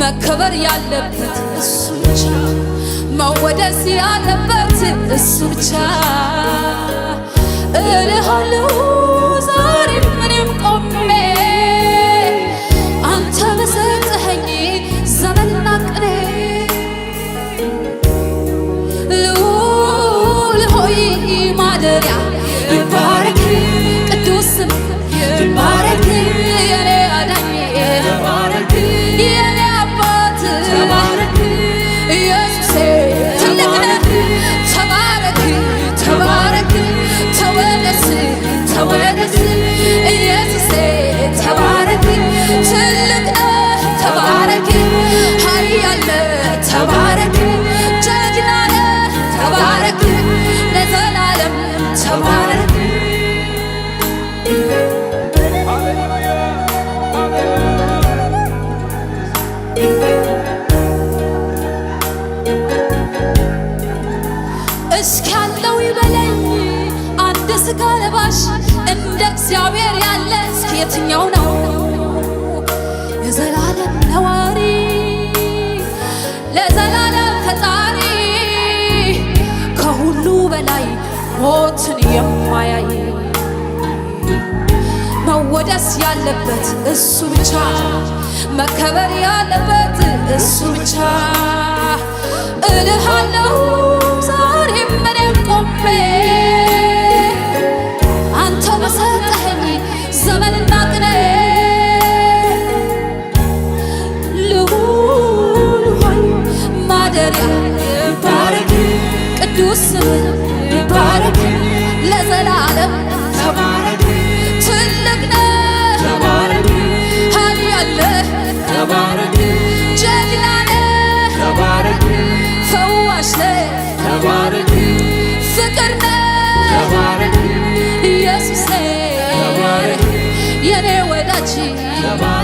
መከበር ያለበት እሱ ብቻ፣ መወደስ ያለበት እሱ ብቻ። እልሃለሁ ዛሬ ምንም ቆሜ አንተ በሰጠኸኝ ዘመንና ቅኔ ልዑል ሆይ ማደሪያ ስጋ ለባሽ እንደ እግዚአብሔር ያለ እስኪ የትኛው ነው የዘላለም ነዋሪ ለዘላለም ፈጣሪ ከሁሉ በላይ ሞትን የማያይ መወደስ ያለበት እሱ ብቻ፣ መከበር ያለበት እሱ ብቻ እልሃለሁ ለዘላለም ተባረክ። ትልቅ ነህ ተባረክ። ኃያል ነህ ተባረክ። ጀግና ነህ ተባረክ። ፈዋሽ ነህ ፍቅር ነህ ኢየሱስ ነህ የኔ ወዳጅ